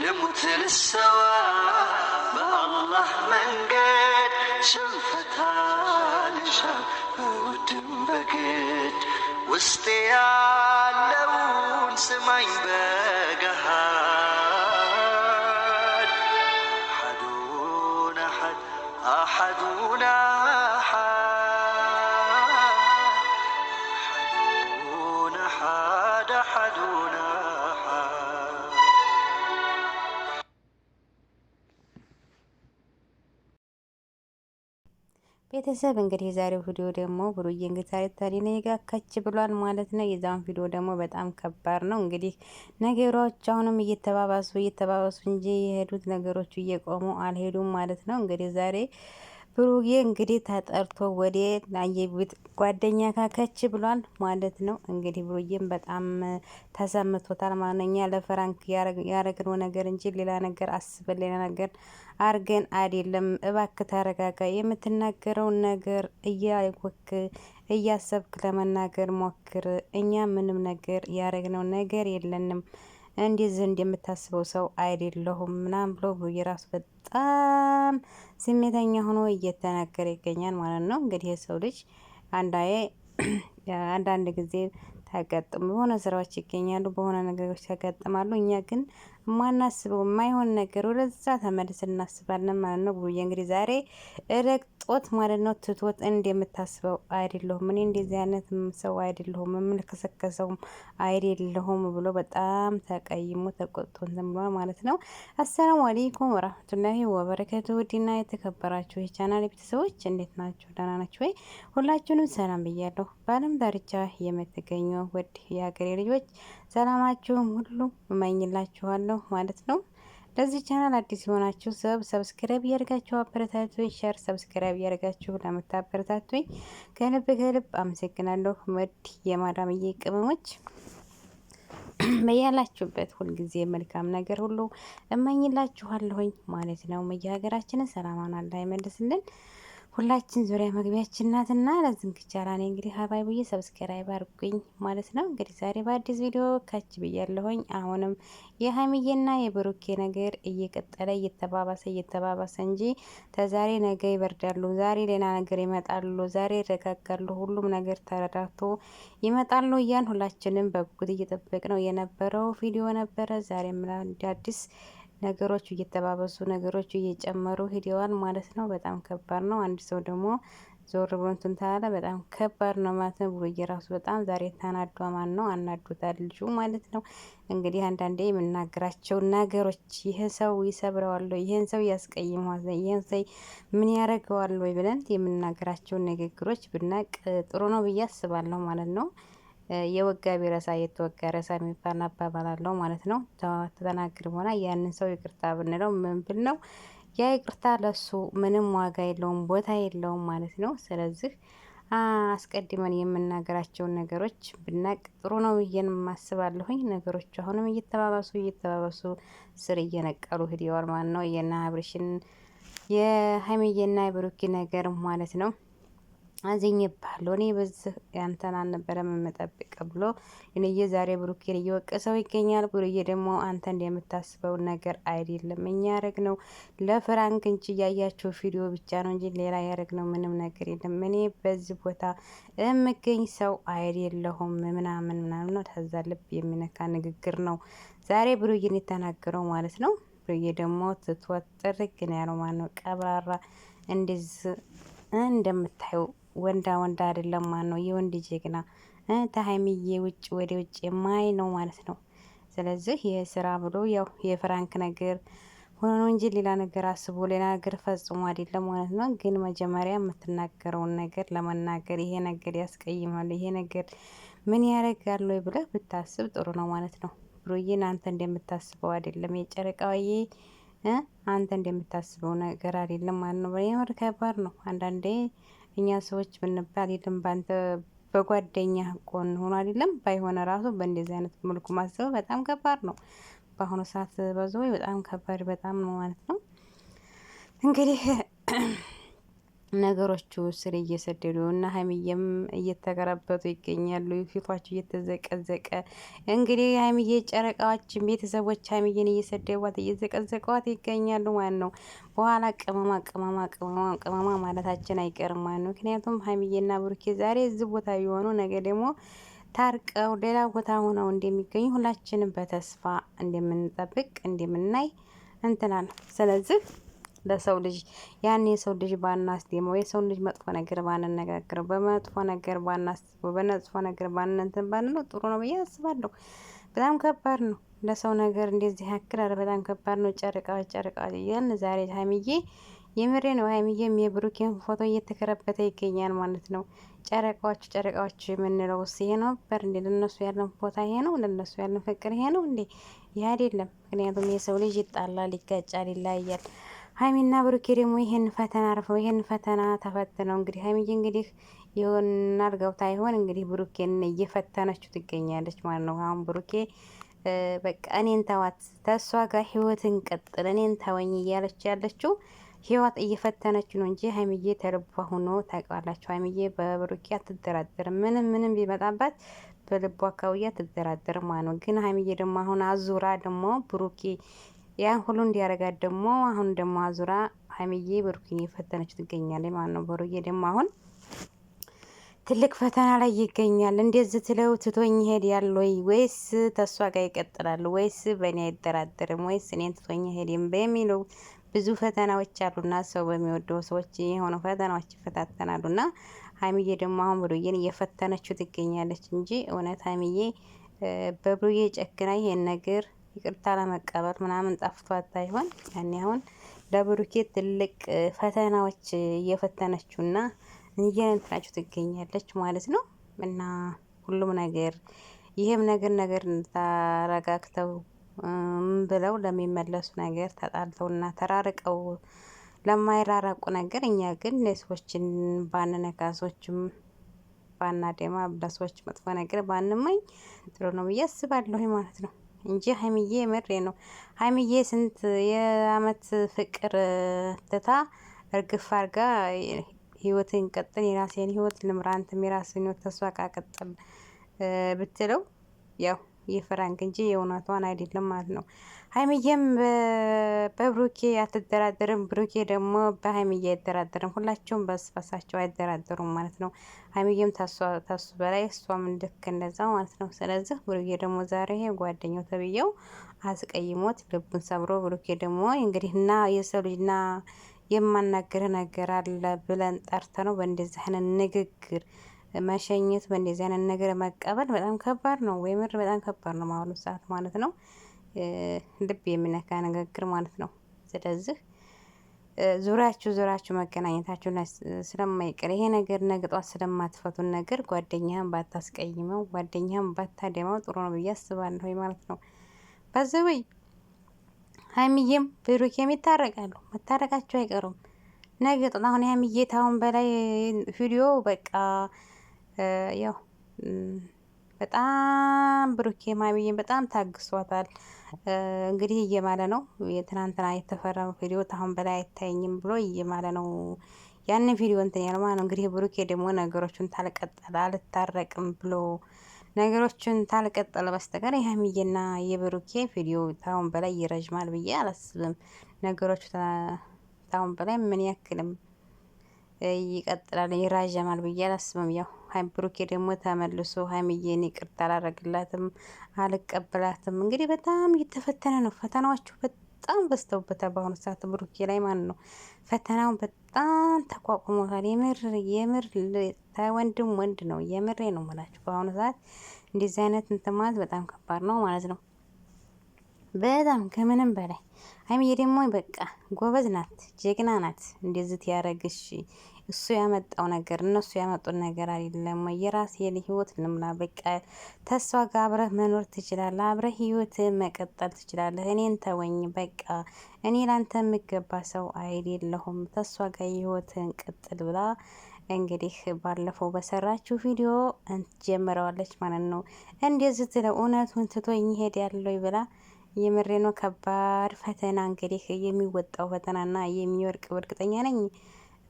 لمت للسواء ما الله من قد شفتها لشاف وتنبكت وسطي ያለውን ስማኝ በገሃድ አሐዱን አሐድ አሐዱን አሐድ حدونا አሐድ አሐዱን ቤተሰብ እንግዲህ የዛሬው ቪዲዮ ደግሞ ብሩዬ እንግዲህ ዛሬ ተሪና ጋ ከች ብሏል ማለት ነው። የዛን ቪዲዮ ደግሞ በጣም ከባድ ነው። እንግዲህ ነገሮች አሁንም እየተባባሱ እየተባባሱ እንጂ የሄዱት ነገሮቹ እየቆሙ አልሄዱም ማለት ነው። እንግዲህ ዛሬ ብሩዬ እንግዲህ ተጠርቶ ወደ ናየቤት ጓደኛ ካከች ብሏል ማለት ነው። እንግዲህ ብሩዬም በጣም ተሰምቶታል ማነኛ ለፍራንክ ያረግነው ነገር እንጂ ሌላ ነገር አስበን ሌላ ነገር አርገን አይደለም። እባክህ ተረጋጋ፣ የምትናገረውን ነገር እያወክ እያሰብክ ለመናገር ሞክር። እኛ ምንም ነገር ያረግነው ነገር የለንም። እንደዚህ እንደምታስበው ሰው አይደለሁም ምናም ብሎ የራሱ በጣም ስሜተኛ ሆኖ እየተናገረ ይገኛል ማለት ነው። እንግዲህ የሰው ልጅ አንዳዬ አንዳንድ ጊዜ ታጋጥሙ የሆነ ስራዎች ይገኛሉ፣ በሆነ ነገሮች ያጋጥማሉ። እኛ ግን ማናስበው የማይሆን ነገር ወደዛ ተመልስ እናስባለን ማለት ነው። ብሩዬ እንግዲህ ዛሬ ጾት ማለት ነው ትቶት እንደምታስበው አይደለሁም፣ እኔ እንደዚህ አይነት ሰው አይደለሁም፣ የምንከሰከሰውም አይደለሁም ብሎ በጣም ተቀይሞ ተቆጥቶ እንትን ብሏል ማለት ነው። አሰላሙ አሌይኩም ወራህመቱላሂ ወበረከቱ። ውድና የተከበራችሁ የቻናል ቤተሰቦች እንዴት ናችሁ? ደህና ናችሁ ወይ? ሁላችሁንም ሰላም ብያለሁ። በአለም ዳርቻ የምትገኙ ውድ የሀገሬ ልጆች ሰላማችሁም ሁሉ እመኝላችኋለሁ ማለት ነው። ለዚህ ቻናል አዲስ የሆናችሁ ሰብ ሰብስክራይብ እያደርጋችሁ አበረታቱኝ። ሸር ሰብስክራይብ እያደርጋችሁ ለምታበረታቱኝ ከልብ ከልብ አመሰግናለሁ። መድ የማዳምዬ ቅመሞች በያላችሁበት ሁልጊዜ መልካም ነገር ሁሉ እመኝላችኋለሁኝ ማለት ነው። መየ ሰላማን አላህ ይመልስልን። ሁላችን ዙሪያ መግቢያችን ናትና ለዝንግ ነኝ እንግዲህ ሀባይ ብዬ ሰብስክራይብ አድርጉኝ ማለት ነው። እንግዲህ ዛሬ በአዲስ ቪዲዮ ካች ብያለሁኝ። አሁንም የሀይሚዬና የብሩኬ ነገር እየቀጠለ እየተባባሰ እየተባባሰ እንጂ ተዛሬ ነገ ይበርዳሉ፣ ዛሬ ሌላ ነገር ይመጣሉ፣ ዛሬ ይረጋጋሉ፣ ሁሉም ነገር ተረዳቶ ይመጣሉ እያን ሁላችንም በጉጉት እየጠበቅ ነው የነበረው ቪዲዮ ነበረ። ዛሬ ምላ እንዲ አዲስ ነገሮች እየተባበሱ ነገሮች እየጨመሩ ሂደዋል ማለት ነው። በጣም ከባድ ነው። አንድ ሰው ደግሞ ዞር ብሎ እንትን ታላለ በጣም ከባድ ነው ማለት ነው። ብሩዬ ራሱ በጣም ዛሬ ተናዷ ማን ነው አናዶታል ልጁ ማለት ነው። እንግዲህ አንዳንዴ የምናገራቸው ነገሮች ይህን ሰው ይሰብረዋል፣ ይህን ሰው ያስቀይመዋል፣ ይህን ሰው ምን ያደረገዋል ወይ ብለን የምናገራቸው ንግግሮች ብናቅ ጥሩ ነው ብዬ አስባለሁ ማለት ነው። የወጋ ቢረሳ የተወጋ ረሳ የሚባል አባባል አለው ማለት ነው። ተተናግርም ሆና ያንን ሰው ይቅርታ ብንለው ምን ብል ነው ያ ይቅርታ ለሱ ምንም ዋጋ የለውም ቦታ የለውም ማለት ነው። ስለዚህ አስቀድመን የምናገራቸውን ነገሮች ብናቅ ጥሩ ነው ብዬን ማስባለሁኝ። ነገሮች አሁንም እየተባባሱ እየተባባሱ ስር እየነቀሉ ሂደዋል ማለት ነው። የና አብርሽን የሀይሚዬና የብሩኪ ነገር ማለት ነው። አዝኜብሃለሁ እኔ በዚህ አንተን አልነበረም የምጠብቅህ ብሎ ዩንዬ ዛሬ ብሩኬን እየወቀሰው ይገኛል። ብሩዬ ደግሞ አንተ እንደምታስበው ነገር አይደለም፣ እኛ ነው ለፍራንክ እንጂ እያያቸው ቪዲዮ ብቻ ነው እንጂ ሌላ ነው ምንም ነገር የለም። እኔ በዚህ ቦታ የምገኝ ሰው አይደለሁም ምናምን ምናምን ነው። ታዛ ልብ የሚነካ ንግግር ነው ዛሬ ብሩዬን የተናገረው ማለት ነው። ብሩዬ ደግሞ ትትወጥር ግን ያለው ማነው ቀብራራ እንደዚህ እንደምታዩ ወንዳ ወንዳ አይደለም ማለት ነው። የወንድ ጀግና ተሀይሚዬ ውጭ ወደ ውጭ የማይ ነው ማለት ነው። ስለዚህ የስራ ብሎ ያው የፍራንክ ነገር ሆኖ ነው እንጂ ሌላ ነገር አስቦ ሌላ ነገር ፈጽሞ አይደለም ማለት ነው። ግን መጀመሪያ የምትናገረውን ነገር ለመናገር ይሄ ነገር ያስቀይማል፣ ይሄ ነገር ምን ያደርጋል ወይ ብለህ ብታስብ ጥሩ ነው ማለት ነው። ብሩዬን አንተ እንደምታስበው አይደለም የጨረቃዬ አንተ እንደምታስበው ነገር አይደለም ማለት ነው። ከባድ ነው አንዳንዴ እኛ ሰዎች ብንባል የለም ባንተ በጓደኛ ጎን ሆኖ አይደለም ባይሆነ ራሱ በእንደዚህ አይነት መልኩ ማሰብ በጣም ከባድ ነው። በአሁኑ ሰዓት በዞ በጣም ከባድ በጣም ነው ማለት ነው እንግዲህ ነገሮቹ ስር እየሰደዱ እና ሀይሚዬም እየተገረበጡ ይገኛሉ። ፊቷቸው እየተዘቀዘቀ እንግዲህ ሀይሚዬ ጨረቃዎች ቤተሰቦች ሀይሚዬን እየሰደቧት እየዘቀዘቀዋት ይገኛሉ ማለት ነው። በኋላ ቅመማ ቅመማ ቅመማ ቅመማ ማለታችን አይቀርም ማለት ነው። ምክንያቱም ሀይሚዬና ብሩኬ ዛሬ እዚህ ቦታ የሆኑ ነገ ደግሞ ታርቀው ሌላ ቦታ ሆነው እንደሚገኙ ሁላችንም በተስፋ እንደምንጠብቅ እንደምናይ እንትናል። ስለዚህ ለሰው ልጅ ያኔ የሰው ልጅ ባናስደመው የሰው ልጅ መጥፎ ነገር ባንነጋግረው በመጥፎ ነገር ባናስበው በመጥፎ ነገር ባንነትን ባንለው ጥሩ ነው ብዬ አስባለሁ። በጣም ከባድ ነው ለሰው ነገር እንደዚህ ያክል አለ። በጣም ከባድ ነው። ጨርቃ ጨርቃ እያልን ዛሬ ሀይሚዬ የምሬ ነው። ሀይሚዬም የብሩኬን ፎቶ እየተከረበተ ይገኛል ማለት ነው። ጨረቃዎች ጨረቃዎች የምንለው ስ ይሄ ነው ነበር እንዴ? ለነሱ ያለን ቦታ ይሄ ነው፣ ለነሱ ያለን ፍቅር ይሄ ነው እንዴ? ይህ አይደለም። ምክንያቱም የሰው ልጅ ይጣላል፣ ይጋጫል፣ ይለያያል። ሀይሚና ብሩኬ ደግሞ ይሄን ፈተና አርፈው ይሄን ፈተና ተፈትነው እንግዲህ ሀይሚዬ እንግዲህ ይሆን አርገውታ ይሆን እንግዲህ ብሩኬን እየፈተነችው ትገኛለች ማለት ነው። አሁን ብሩኬ በቃ እኔን ተዋት፣ ተሷ ጋር ህይወትን ቀጥል፣ እኔን ተወኝ እያለች ያለችው ህይወት እየፈተነች ነው እንጂ ሀይሚዬ ተልቧ ሆኖ ታውቃላችሁ። ሀይሚዬ በብሩኬ አትደራደርም። ምንም ምንም ቢመጣባት በልቧ አካባቢ አትደራደርም ማለት ነው። ግን ሀይሚዬ ደግሞ አሁን አዙራ ደግሞ ብሩኬ ያን ሁሉ እንዲያረጋት ደግሞ አሁን ደግሞ አዙራ ሀይሚዬ ብሩክዬ ፈተነች ትገኛለች ማለት ነው። ብሩዬ ደግሞ አሁን ትልቅ ፈተና ላይ ይገኛል። እንደዚህ ትለው ትቶኝ ሄድ ያለ ወይስ ተሷ ጋር ይቀጥላል ወይስ በእኔ አይደራደርም ወይስ እኔን ትቶኝ ሄድም በሚሉ ብዙ ፈተናዎች አሉና ሰው በሚወደው ሰዎች የሆነ ፈተናዎች ይፈታተናሉና ሀይሚዬ ደግሞ አሁን ብሩዬን እየፈተነችው ትገኛለች እንጂ እውነት ሀይሚዬ በብሩዬ ጨክና ይሄን ነገር ይቅርታ ለመቀበል ምናምን ጠፍቷት ሳይሆን ያኔ አሁን ለብሩኬ ትልቅ ፈተናዎች እየፈተነችው እየፈተነችውና እየነትናችሁ ትገኛለች ማለት ነው። እና ሁሉም ነገር ይህም ነገር ነገር ተረጋግተው ብለው ለሚመለሱ ነገር ተጣልተው ተጣልተውና ተራርቀው ለማይራራቁ ነገር እኛ ግን ሰዎችን ባንነካ ሰዎችም ባናደማ ለሰዎች መጥፎ ነገር ባንመኝ ጥሩ ነው ብዬ አስባለሁ ማለት ነው። እንጂ ሀይሚዬ መሬ ነው። ሀይሚዬ ስንት የአመት ፍቅር ትታ እርግፍ አርጋ ህይወትን ቀጥል የራሴን ህይወት ልምራ አንተም የራስን ህይወት ተስፋ ቃቀጥል ብትለው ያው የፈራንግ እንጂ የእውነቷን አይደለም ማለት ነው። አይምዬም በብሩኬ አትደራደርም፣ ብሩኬ ደግሞ በሀይምዬ አይደራደርም። ሁላቸውም በስበሳቸው አይደራደሩም ማለት ነው። ሀይሚዬም ታሱ በላይ እሷም ልክ እንደዛ ማለት ነው። ስለዚህ ብሩኬ ደግሞ ዛሬ ጓደኛው ተብዬው አስቀይሞት ልቡን ሰብሮ ብሩኬ ደግሞ እንግዲህ እና የሰው ልጅ ና የማናገር ነገር አለ ብለን ጠርተ ነው በእንደዚህ አይነት ንግግር መሸኘት በእንደዚህ አይነት ነገር መቀበል በጣም ከባድ ነው። ወይምር በጣም ከባድ ነው። ማሁኑ ሰዓት ማለት ነው። ልብ የሚነካ ንግግር ማለት ነው። ስለዚህ ዙሪያችሁ ዙሪያችሁ መገናኘታችሁ ስለማይቀር ይሄ ነገር ነገ ስለማትፈቱን ነገር ጓደኛህን ባታስቀይመው፣ ጓደኛህን ባታደማው ጥሩ ነው ብዬ አስባለሁ ማለት ነው። ባዘወይ ሀይሚዬም ብሩኬም ይታረቃሉ። መታረቃቸው አይቀሩም። ነገ ጧት አሁን ሀይሚዬ ታሁን በላይ ቪዲዮ በቃ ያው በጣም ብሩኬም ሀይሚዬም በጣም ታግሷታል። እንግዲህ እየማለ ነው። የትናንትና የተፈረመ ቪዲዮ ታሁን በላይ አይታየኝም ብሎ እየማለ ነው። ያንን ቪዲዮ እንትን ያልማ ነው እንግዲህ ብሩኬ ደግሞ ነገሮቹን ታልቀጠለ አልታረቅም ብሎ ነገሮቹን ታልቀጠለ በስተቀር የሀይሚዬና የብሩኬ ቪዲዮ ታሁን በላይ ይረዥማል ብዬ አላስብም። ነገሮቹ ታሁን በላይ ምን ያክልም ይቀጥላል ይራዣማል ብዬ አላስብም። ያው ብሩኬ ደግሞ ተመልሶ ሀይሚዬን ይቅርታ አላረግላትም፣ አልቀበላትም። እንግዲህ በጣም እየተፈተነ ነው። ፈተናዎቹ በጣም በዝተውበታል በአሁኑ ሰዓት ብሩኬ ላይ ማለት ነው። ፈተናውን በጣም ተቋቁሞታል። የምር የምር ወንድም ወንድ ነው። የምሬ ነው ምላችሁ በአሁኑ ሰዓት እንደዚህ አይነት እንትን ማለት በጣም ከባድ ነው ማለት ነው። በጣም ከምንም በላይ ሀይሚዬ ደግሞ በቃ ጎበዝ ናት፣ ጀግና ናት። እንደዚህ ያረግሽ እሱ ያመጣው ነገር እነሱ ያመጡት ነገር አይደለም። የራስ ህይወት ልምላ በቃ ተስፋ ጋር አብረህ መኖር ትችላለህ። አብረህ ህይወት መቀጠል ትችላለህ። እኔን ተወኝ በቃ እኔ ላንተ የምገባ ሰው አይደለሁም። ተስፋ ጋር ህይወትን ቀጥል ብላ እንግዲህ ባለፈው በሰራችሁ ቪዲዮ ጀምረዋለች ማለት ነው። እንደዚህ ትለው እውነቱን ትቶኝ ይሄድ ያለው ብላ የምሬ ነው። ከባድ ፈተና እንግዲህ የሚወጣው ፈተናና የሚወርቅ እርግጠኛ ነኝ።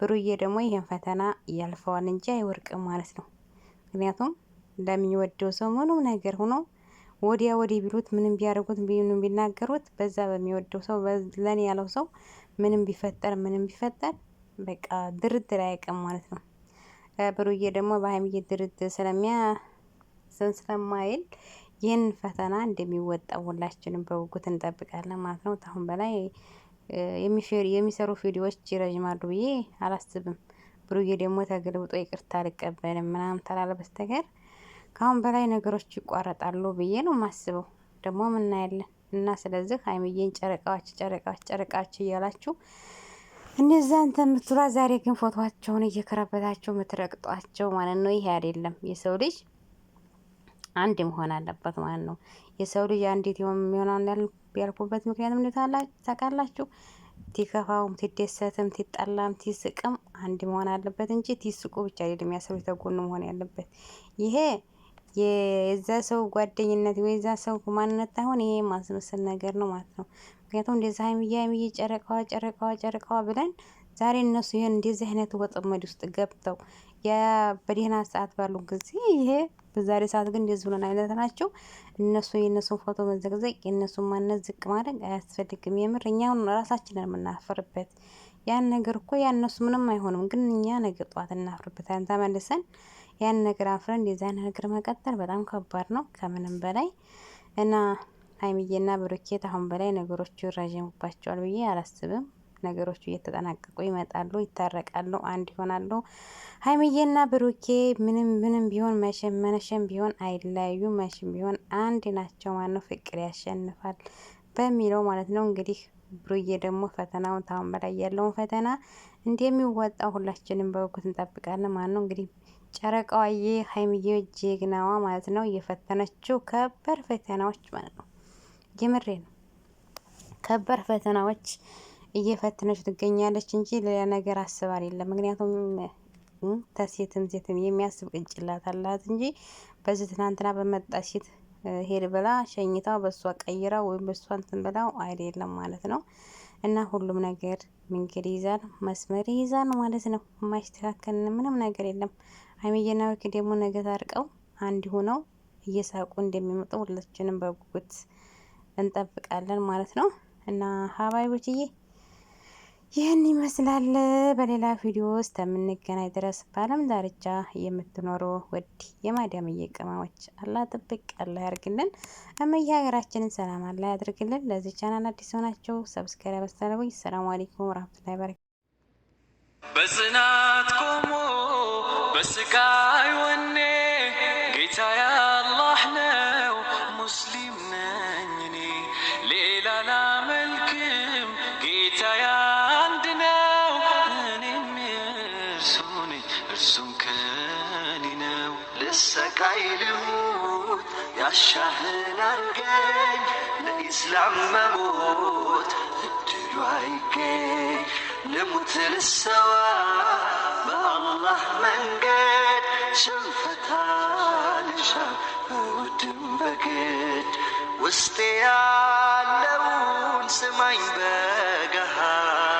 ብሩዬ ደግሞ ይህን ፈተና ያልፈዋል እንጂ አይወርቅም ማለት ነው። ምክንያቱም ለሚወደው ሰው ምንም ነገር ሆኖ ወዲያ ወዲህ ቢሉት ምንም ቢያደርጉት ምንም ቢናገሩት በዛ በሚወደው ሰው ለኔ ያለው ሰው ምንም ቢፈጠር ምንም ቢፈጠር በቃ ድርድር አያውቅም ማለት ነው። ብሩዬ ደግሞ በሀይሚዬ ድርድር ስለሚያ ስለማይል ይህንን ፈተና እንደሚወጣው ሁላችንም በጉጉት እንጠብቃለን ማለት ነው። አሁን በላይ የሚሰሩ ቪዲዮዎች ይረዥማሉ ብዬ አላስብም። ብሩዬ ደግሞ ተገልብጦ ይቅርታ አልቀበልም ምናምን ተላለ በስተቀር ከአሁን በላይ ነገሮች ይቋረጣሉ ብዬ ነው ማስበው ደግሞ ምናያለን እና ስለዚህ ሀይሚዬን ጨረቃዎች ጨረቃዎች ጨረቃዎች እያላችሁ እነዛ አንተ የምትሏ ዛሬ ግን ፎቶቸውን እየከረበታቸው የምትረቅጧቸው ማለት ነው። ይሄ አይደለም የሰው ልጅ አንድ መሆን አለበት ማለት ነው። የሰው ልጅ አንዲት የሚሆነውን ያልኩበት ምክንያት ምንድን ታውቃላችሁ? ቲከፋውም፣ ቲደሰትም ቲጠላም ቲስቅም አንድ መሆን አለበት እንጂ ቲስቁ ብቻ አይደለም ያ ሰው ተጎኑ መሆን ያለበት ይሄ የዛ ሰው ጓደኝነት ወይ ዛ ሰው ማንነት አሁን ይሄ ማስመሰል ነገር ነው ማለት ነው። ምክንያቱም እንደዛ ሀይሚዬ ሀይሚዬ ጨረቃዋ ጨረቃዋ ጨረቃዋ ብለን ዛሬ እነሱ ይህን እንደዚህ አይነት ወጥመድ ውስጥ ገብተው በደህና ሰዓት ባሉ ጊዜ ይሄ በዛሬ ሰዓት ግን እንደዚህ ብሎን አይነት ናቸው እነሱ የእነሱን ፎቶ መዘግዘቅ የእነሱን ማነት ዝቅ ማድረግ አያስፈልግም። የምር እኛውን ራሳችንን የምናፈርበት ያን ነገር እኮ ያነሱ ምንም አይሆንም፣ ግን እኛ ነገ ጠዋት እናፍርበት። እናፍርበታለን ተመልሰን ያን ነገር አፍረን እንደዚያ ነገር መቀጠል በጣም ከባድ ነው ከምንም በላይ እና ሀይሚዬና ብሩኬት አሁን በላይ ነገሮቹ ይራዥሙባቸዋል ብዬ አላስብም። ነገሮቹ እየተጠናቀቁ ይመጣሉ፣ ይታረቃሉ፣ አንድ ይሆናሉ። ሀይሚዬና ብሩኬ ምንም ምንም ቢሆን መነሸም ቢሆን አይለያዩ፣ መሽም ቢሆን አንድ ናቸው። ማነው ፍቅር ያሸንፋል በሚለው ማለት ነው እንግዲህ ብሩዬ ደግሞ ፈተናውን ታሁን በላይ ያለውን ፈተና እንደሚወጣው ሁላችንም በጉጉት እንጠብቃለን። ማለት ነው እንግዲህ ጨረቃዋዬ ሀይሚዬ ጀግናዋ ማለት ነው እየፈተነችው ከበር ፈተናዎች ማለት ነው። የምሬ ነው ከበር ፈተናዎች እየፈተነች ትገኛለች እንጂ ሌላ ነገር አስብ አይደለም። ምክንያቱም ተሴትም ሴትም የሚያስብ ቅንጭላት አላት እንጂ በዚህ ትናንትና በመጣ ሴት ሄድ ብላ ሸኝታው በእሷ ቀይራ ወይም በእሷ እንትን ብላው አይደለም ማለት ነው። እና ሁሉም ነገር መንገድ ይይዛል፣ መስመር ይይዛል ማለት ነው። የማይስተካከል ምንም ነገር የለም። ሀይሚዬና ብሩኬ ደግሞ ነገ ታርቀው አንድ ሆነው እየሳቁ እንደሚመጡ ሁላችንም በጉጉት እንጠብቃለን ማለት ነው። እና ሀባይቦችዬ ይህን ይመስላል። በሌላ ቪዲዮ ውስጥ የምንገናኝ ድረስ በዓለም ዳርቻ የምትኖሩ ውድ የማዲያም እየቀማዎች አላህ ጥብቅ አላህ ያርግልን። እመዬ ሀገራችንን ሰላም አላህ ያድርግልን። ለዚህ ቻናል አዲስ ሆናቸው ሰብስክራይብ አስተላልፉኝ። ሰላም አለይኩም ወራህመቱላሂ ወበረካቱ። በጽናት ቆሞ በስቃይ ወኔ ጌታያ الشهلان جاي الإسلام مموت قتلوا هيجاي نموت للسوا ما الله من جاد شنفتها لشام ودم بجد وسطي علون سماي بجهاد